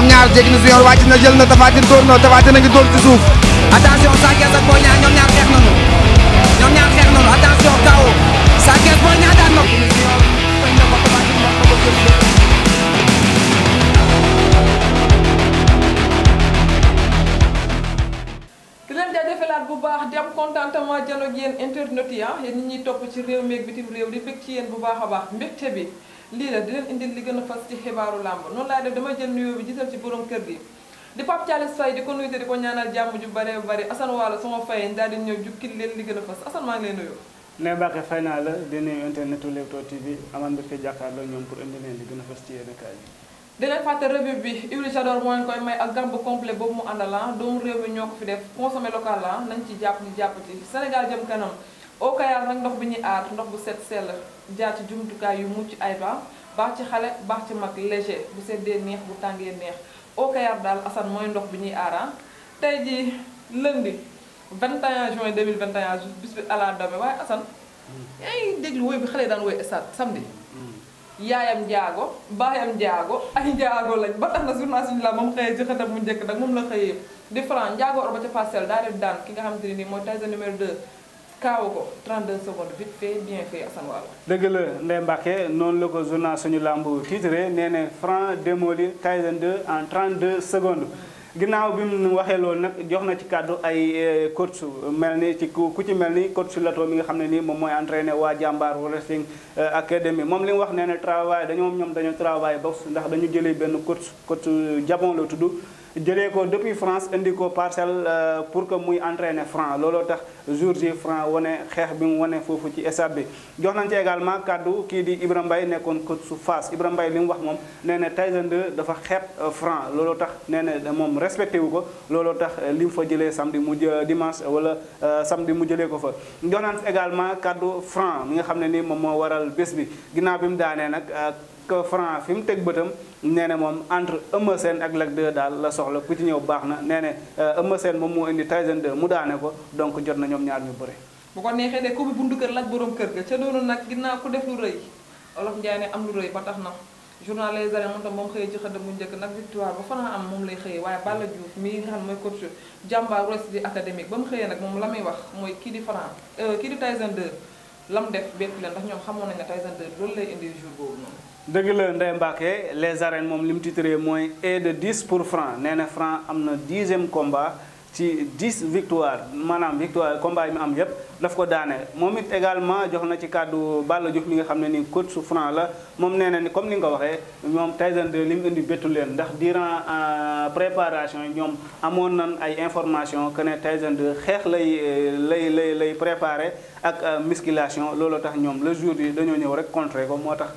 ñoom ñaar jéggi na su yor wàcc na jël na Tapha Tine dóor na Tapha Tine a ngi dóor ci suuf attention Sa Thiès ak Boy Niang ñoom ñaar xeex nañu ñoom ñaar xeex nañu attention kaw Sa Thiès Boy Niang daan na bu baax di am contentement janoog yéen internet ni ah yéen nit ñuy topp ci réew meeg bitim réew di bëgg ci yéen bu baax a baax mbégte bi lii la di leen li gën a fas ci xibaaru làmb noonu laay def dama jël nuyoo bi gisal ci borom kër gi di Pape Thialis Faye di ko nuyu di ko ñaanal jàmm ju bare bare Assane Waalo sama faye ñëw jukkil leen li gën a fas Assane maa ngi ne baaxee fay naa internet Leewtoo TV amaan bi fi jàkkaarloo ñoom pour indi leen li gën a fas ci yéen kaay yi di leen fàtte revue bi Ibrahima Jador moo koy may ak gamb complet boobu mu àndala ah. doomu réew mi ñoo ko fi def consommé local la ah. nañ ci au Kayar nag ndox bi ñuy aar ndox bu set sell jaar ci jumtukaay yu mucc ayba baax ci xale baax ci mag léger bu seddee neex bu tàngee neex au daal Assane mooy ndox bi ñuy aara ah. tey ji lundi 21 juin 2021 bis bi ala dame waaye Assane hmm. yaa ngi déglu woy bi xale daan woy stade samedi hmm. yaayam njaago baayam njaago ay njaago lañ ba tax na journal suñu la moom xëyee ci xëtam mu njëkk nag moom la xëyee di franc njaago or ba ca parcelle daa def ki nga xamante ne nii mooy Tyson numéro 2 kaaw ko 32 secondes vite fait bien fait Assane Wala. dëgg la Ndeye Mbacke noonu la ko journal suñu làmb titré nee na Franc démoli Tyson 2 en trent deux secondes. ginnaaw bi mu waxee loolu nag jox na ci kàddu ay eh, coach mel ni ci ku ci mel ni coach Lato mi nga xam ne nii moom mooy ne waa jàmbaar wrestling eh, academy moom li mu wax nee na travail dañoo ñoom dañoo travail box ndax dañu jëlee benn coach coach japon la tudd. jëlee ko depuis France indi ko parcelle euh, pour que muy entraîner Franc looloo tax jour ji Franc wane xeex bi mu wane foofu ci stade bi. jox nañ ci également kàddu kii di Ibrahima Mbaye nekkoon coach su Fass Ibrahima Mbaye li mu wax moom nee na Tyson 2 dafa xeeb euh, Franc looloo tax nee na moom respecté wu ko looloo tax euh, li mu fa jëlee samedi mu dimanche wala samedi mu jëlee ko fa. jox nañ également kàddu Franc mi nga xam ne ni moom moo waral bés bi ginnaaw bi mu daanee nag. que Franc fi mu teg bëtam nee na moom entre Eumeu Sène ak Lac 2 daal la soxla ku ci ñëw baax na nee na euh, Eumeu moom moo indi Tyson 2 mu daane ko donc jot na ñoom ñaar bëre. bu ko neexee de ku kër laaj borom kër ga ca doonu nag ginnaaw ku def lu rëy olof Ndiaye ne am lu rëy ba tax na. journal Les Arènes moom tam moom xëyee ci xëddam bu njëkk nag victoire ba Franc am moom lay xëyee waaye Balla Diouf mii nga xam mooy coach jàmbaar Ouest di académique ba mu xëyee moom la muy wax mooy kii di Franc euh, kii di Tyson 2 lam def bépp leen ndax ñoom xamoon nañ ne Tyson 2 loolu lay indi jour boobu noonu dëgg la Ndeye Mbacke les arènes moom li mu titré mooy et de 10 pour Franc nee na Franc am na dixième combat ci dix victoire maanaam victoire combat yi mu am yépp daf ko daane moom it également jox na ci kàddu Balla Diouf mi nga xam ne ni coach su Franc la moom nee na comme ni nga ko waxee moom Tyson 2 li mu indi bettu leen ndax durant euh, préparation yi ñoom amoon nan ay information que ne Tyson 2 xeex lay euh, lay lay lay préparé ak euh, musculation looloo tax ñoom le jour bi dañoo ñëw rek contrer ko moo tax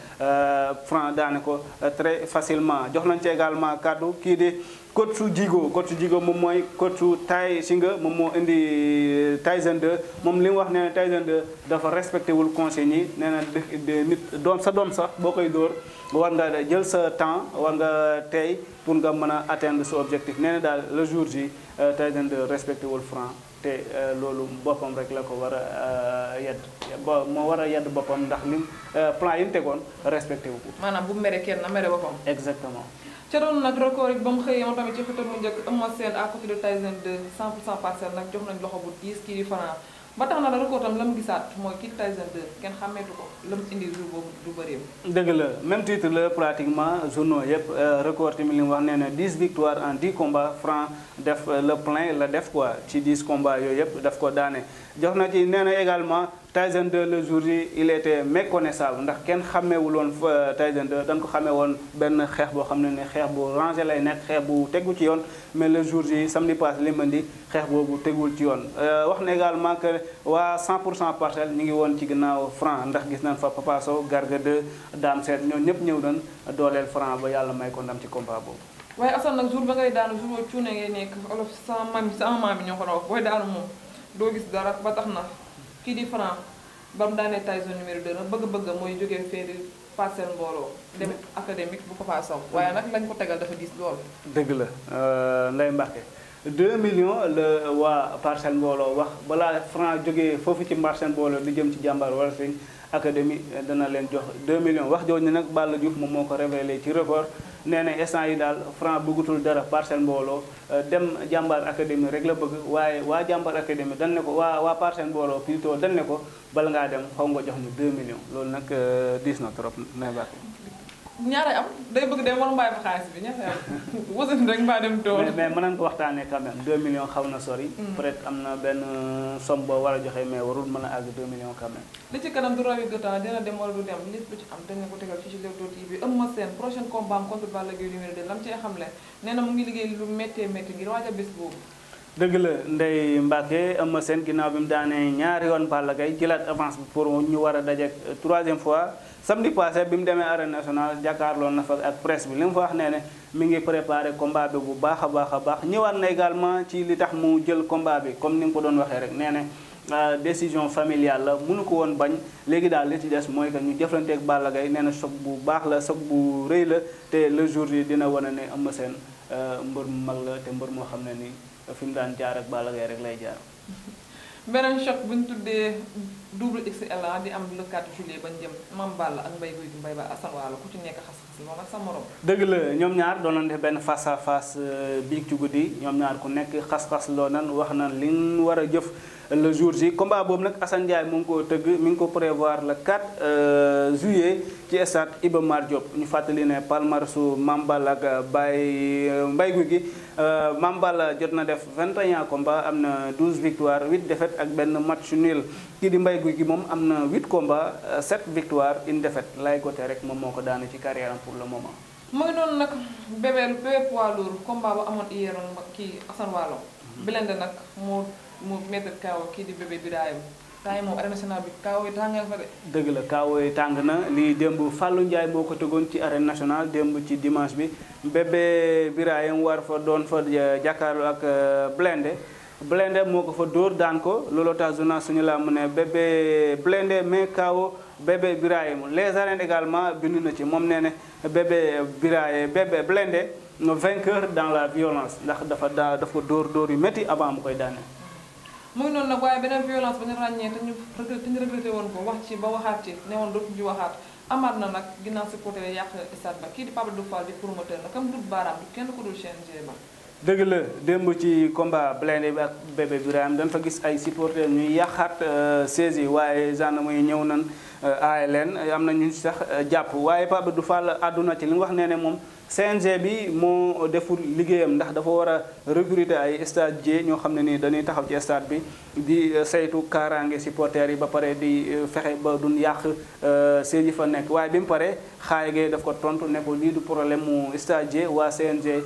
Franc daane ko très facilement jox nañ ci également kàddu kii de coach su Djigo coach su Djigo moom mooy coach su Tay Shinga moom moo indi Tyson 2 moom mu wax nee na Tyson 2 dafa respecté wul consignes yi nee na nit doom sa doom sax boo koy dóor war nga jël sa temps war nga tey pour nga mën a atteindre sa objectif nee daal le jour ji Tyson 2 respecté wul franc te euh, loolu boppam rek la ko war a euh, yedd ba moo war a yedd boppam ndax lim euh, plan yi mu tegoon respecté wu maanaam bu mere kenn na mere boppam. exactement. ca doon nag record yi xëyee moom tamit ci xëtam mu njëkk Eumeu Sène à côté de Tyson 2 100 pour ba tax na la record tam la mu gisaat mooy Kid Tyson 2 kenn xàmmeetu ko la mu indi jour boobu du bëri dëgg la même titre la pratiquement journaux yëpp euh, record tamit li mu wax nee na 10 victoires en 10 combats franc def euh, le plein la def quoi ci 10 combats yooyu yëpp daf ko daane jox na ci nee également. Tyson 2 le jour yi il était méconnaissable ndax kenn xàmmeewul woon euh, Tyson 2 ko xamee woon benn xeex boo xam ne ne xeex bu rangé lay nekk xeex bu tegu ci yoon mais le jour yi samedi passé li mën di xeex boobu tegul ci yoon euh, wax na également que waa 100 pour cent parcelle ñu ngi woon ci ginnaaw franc ndax gis nañ fa Papa Sow Garga 2 Dame Seet ñoo ñëpp ñëw doon dooleel franc ba yàlla may ko ndam ci combat boobu waaye Assane nag jour ba ngay daanu jour ba kii di Franc ba mu daanee Tyson numéro 2 nag bëgg-bëgg mooy jógee féeri parcelle mbooloo dem académique bu Papa Sow waaye nag lañ ko tegal dafa diis lool. dëgg la euh, Ndeye Mbacke 2 millions la waa parcelle mbooloo wax balaa Franc jógee foofu ci parcelle mbooloo di jëm ci jàmbaar wala seen académie dana leen jox 2 millions wax jooju nag bala Diouf moom moo ko révélé ci record. nee na instant yi daal franc bëggatul dara parcelle mbooloo euh, dem jàmbaar académie rek la bëgg waaye waa jàmbaar académie dañ ne ko waa waa parcel mbooloo plutôt dañ ne ko bala ngaa dem xaw nga jox ñu 2 millions loolu nag euh, diis na trop nay bàkk ñaare am day bëgg dem wala mbaay ma xaalis bi ñaare am wasan rek mbaa dem dool mais mën nañ ko waxtaanee quand deux 2 millions xaw na sori mm. peut être am na benn euh, somme boo war a joxe mais warul mën a àgg 2 millions quand même li ci kanam du rawi de temps dina dem wala du dem nit bu ci am dañ ko tegal ci ci Leewtoo TV Eumeu Sène prochain combat am contre Balla Gaye numéro 2 lam cee xam le nee na mu ngi liggéey lu méttee métti ngir waaj ginnaaw bi mu ñaari yoon Balla Gaye jëlaat avance bi pour ñu war a daje euh, troisième fois samedi passé bi mu demee arène nationale jàkkaarloo na fa ak presse bi li mu fa wax nee ne mi ngi préparé combat bi bu baax a baax a baax ñëwaat na également ci li tax mu jël kombaa bi comme ni nga ko doon waxee rek nee ne euh, décision familiale la mënu ko woon bañ léegi daal li ci des mooy que ñu jëflanteeg Balla Gaye nee na choc bu baax la choc bu rëy la te le jour yi dina wane ne Eumeu Sène euh, mbër mu mag la te mbër moo xam ne nii fi mu daan jaar ak Balla Gaye rek lay jaar. double XL di am le 4 juillet bañ jëm Mame Balla ak Mbaye Guèye Mbaye ba Assane Wala ku ci nekk xas-xas moom sa morom. dëgg la ñoom ñaar doon nañ benn face à euh, biig ci guddi ñoom ñaar ku nekk xas-xas loo nan wax na li ñu war a jëf le jour ji combat boobu nag Assane Ndiaye mu ngi ko tëgg mi ngi ko prévoir le 4 euh, juillet ci stade Iba Mar Diop ñu fàttali ne palmarèsu Mame Balla ak Baye euh, Mbaye Guèye gi Mame Balla jot na def 21 combats am na 12 victoires 8 benn match guy gi moom am na huit combats euh, sept victoires une défaite Laye Gothé rek moom moo ko daanu ci carrière am la le moment. mooy noonu nag bébé bébé poids lourd combat ba mhm. nag moo moo kii moom arène nationale bi kaw yi tàng la kaw yi tàng na lii démb fàllu Ndiaye moo ko tegoon ci arène nationale démb ci dimanche bi bébé Birahim war fa doon fa jàkkaarloo ak euh, Blindé. Blindé moo ko fa dóor daan ko looloo tax journal suñu la mu ne bébé Blindé mais kaw bébé Birahim les arènes bind na ci moom nee ne bébé Birahim bébé Blindé vainqueur dans la violence ndax dafa daa dafa dóor dóor yu métti avant mu koy daane. mu ngi noonu nag waaye beneen violence ba ñu ràññee te ñu te ñu regretté woon ba waxaat ci ne woon dootuñu waxaat. amaat na nag ginnaaw supporter yàq stade ba kii di Pape Abdou Fall di promoteur nag comme du baaraam du kenn ko dul CNG ba. dégg la démb ci combat blindé bi ak bébé Birahim dañ fa gis ay supporters ñuy yàqaat saisi euh, yi waaye gendarme yi ñëw nan euh, aaye leen am na ñu sax euh, jàpp waaye Pape du Fall àdduna ci li wax nee ne moom CNG bi moo deful liggéeyam ndax dafa war a recruter ay stagiaires ñoo xam ne nii dañuy taxaw ci stade bi di euh, saytu kaaraange supporters yi ba pare di euh, fexe ba duñ yàq euh, seen yi fa nekk waaye bi mu paree xaay gee ko tontu ne ko lii du problème mu stagiaire waa CNG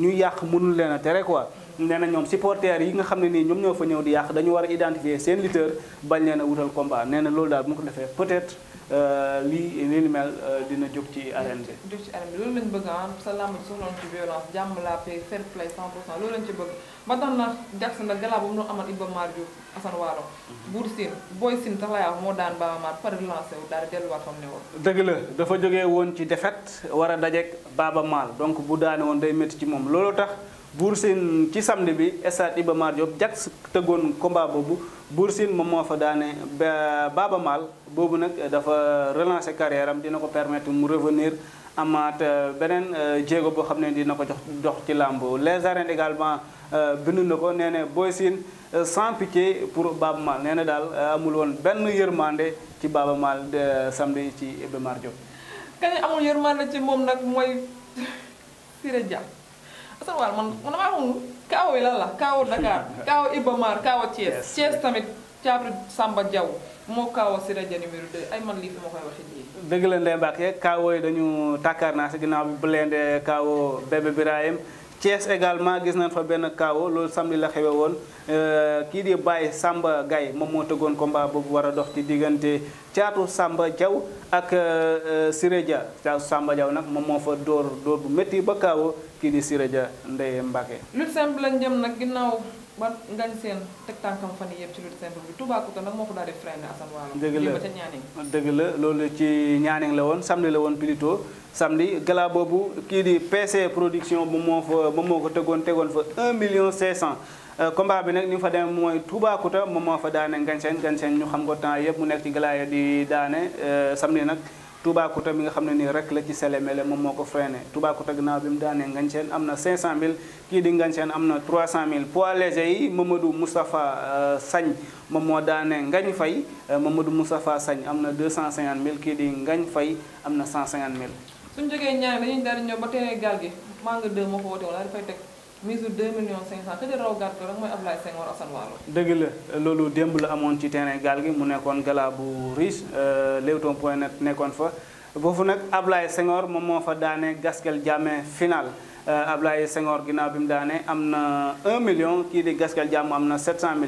ñu yàq mënul leen a tere quoi. nee na ñoom supporters yi nga xam ne nii ñoom ñoo fa ñëw di yàq dañu war a identifier seen lutteur bañ leen a wutal combat nee na loolu daal bu mu ko defee peut-être. Euh, lii li ni mel euh, dina jóg ci arène bi. jóg ci arène bi loolu lañ bëgg ah sa làmb ci soxla ci violence jàmm la paix fair play 100 pour cent loolu lañ ci bëgg ba tax na Jackson nag galaa bu mu doon amal Iba Mar Diouf Assane Waalo. Mhm. Buur Sine Boy Sine sax laa moo daan Baba Mar pare relancé wu daal di delluwaat fa ne woon. dëgg la dafa jóge woon ci défaite war a dajeek Baba Mar donc bu daane woon day métti ci moom loolu tax. Bour Sine ci samedi bi stade Iba Mar Diop Jax tëggoon combat boobu Bour Sine moom moo fa daane Baaba Maal boobu nag dafa relancer carrière dina ko permettre mu revenir amaat euh, beneen euh, jéego boo xam ne dina ko jox dox ci làmb les arènes également euh, bind na ko nee booy Boy Sine sans pour Baaba Maal nee na daal amul woon benn yërmande ci Baaba Maal samedi ci Iba Mar Diop. amul yërmande ci moom nag mooy Siré Dia. Assane Wall man man damaa xamul kaaw yi lan la kaaw Dakar kaaw Iba Mar kaaw Thiès tamit caabri Samba jaw moo kaaw si rajo numéro 2 ay man lii fi ma koy waxee nii. dëgg la Ndeye Mbacke kaaw yi dañu tàkkaar naa si ginnaaw bi bu leen de kaaw bébé Birahim Thiès également gis nañ fa benn kaawo loolu samli la xewe woon euh, kii di bàyyi Samba Gaye moom moo tëggoon mbaa boobu war a dox ci diggante Caatu Samba Diaw ak euh, euh, Siré Dia Caatu Samba Diaw nag moom moo fa dóor dóor bu métti ba kaawo kii di Siré Dia Ndeye Mbacke. lutte simple lañ jëm nag ginnaaw ba ngañ seen teg tànkam fan yii yëpp ci lutte simple bi Toubacouta nag moo ko daal di freiné Assane Waalo. la dëgg la loolu ci ñaaning la woon samedi la woon plutôt. samedi gala boobu kii di PC production bu moo fa moom moo ko tegoon tegoon fa 1 million cent euh, combat bi nag ni mu fa demee mooy Toubacouta moom moo fa daane Nganseen Nganseen ñu xam ko temps yëpp mu nekk ci galaaya di daane euh, samedi nag Toubacouta bi nga xam ne nii rek la ci sele selemele moom moo ko freiné Toubacouta gannaaw bi mu daanee Nganseen am na 500000 kii di Nganseen am na 300000 poids léger yi Mamadou Moustapha euh, Sagne moom moo daane Ngañ Fay Mamadou Moustapha Sagne am na 250000 kii di Ngañ Fay am na 150000. suñu jógee ñaari dañuy daal di ñëw ba terrain gaal gi Manga 2 moo ko woote wala dafay teg mise u 2 millions 500 këjë raw gaal ko rek mooy Ablaye Senghor Assane Waalo dëgg la loolu démb la amoon ci terrain gaal gi mu nekkoon gala bu riche euh, Leewtoo point net nekkoon fa foofu nag Ablaye Senghor moom moo fa daane Gaskel Diamé final euh, Ablaye Senghor ginaaw bi mu daane am na 1 million kii di Gaskel Diamé am na 700 000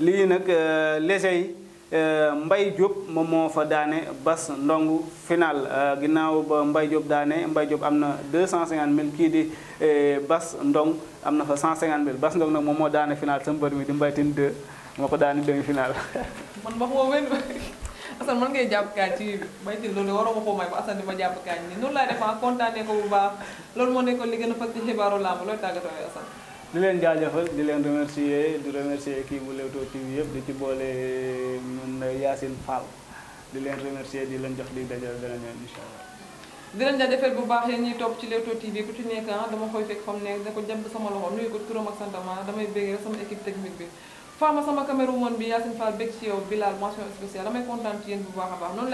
lii nag euh, léger yi Eh, mbay jóob moom moo fa daane Bas Ndong final eh, ginnaaw ba Mbaye Diop daane Mbaye Diop am na 250 000 kii di eh, Bas Ndong am na fa 150 000 Bas Ndong nag moom moo daane final sama mbër mi di Mbaye Tine 2 moo ko daane demi final. man wax woo wér Assane man ngay jàpp kaay ci Mbaye Tine loolu waroo ma koo ba Assane di ma jàpp kaay nii noonu laay def ah kontaanee ko bu baax loolu moo nekkoon li gën a fas ci xibaaru làmb looy tàggatoo Assane. di leen jaajëfal di leen remercier di remercier équipe bu Leewtoo TV yëpp di ci boole mën Yacine Fall di leen remercier di leen jox di dajal beneen yoon incha allah. baax yéen ñuy topp ci Leewtoo TV ku ci nekk ah dama koy fekk fam sama loxo nuyu ko turam ak santama ah, sama équipe technique bi. Fama bi Yacine Fall bég ci yow Bilal mention spéciale damay kontaan ci yéen bu baax a baax noonu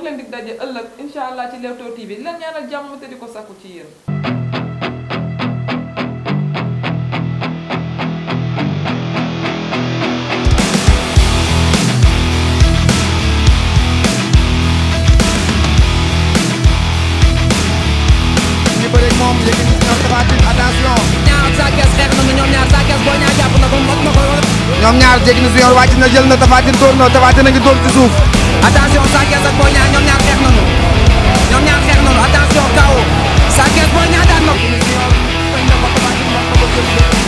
leen dig daje allah ci Leewtoo TV di leen ñaanal jàmm te di ko sakku ci yéen. ñoom ñaar jéggi ni junior wàcc na jël na Tapha Tine dóor na Tapha Tine a ngi dóor ci suuf attention Sa Thiès ak ñoom ñaar xeex nañu ñoom ñaar xeex nañu attention kaw Sa Thiès Boy Niang daan na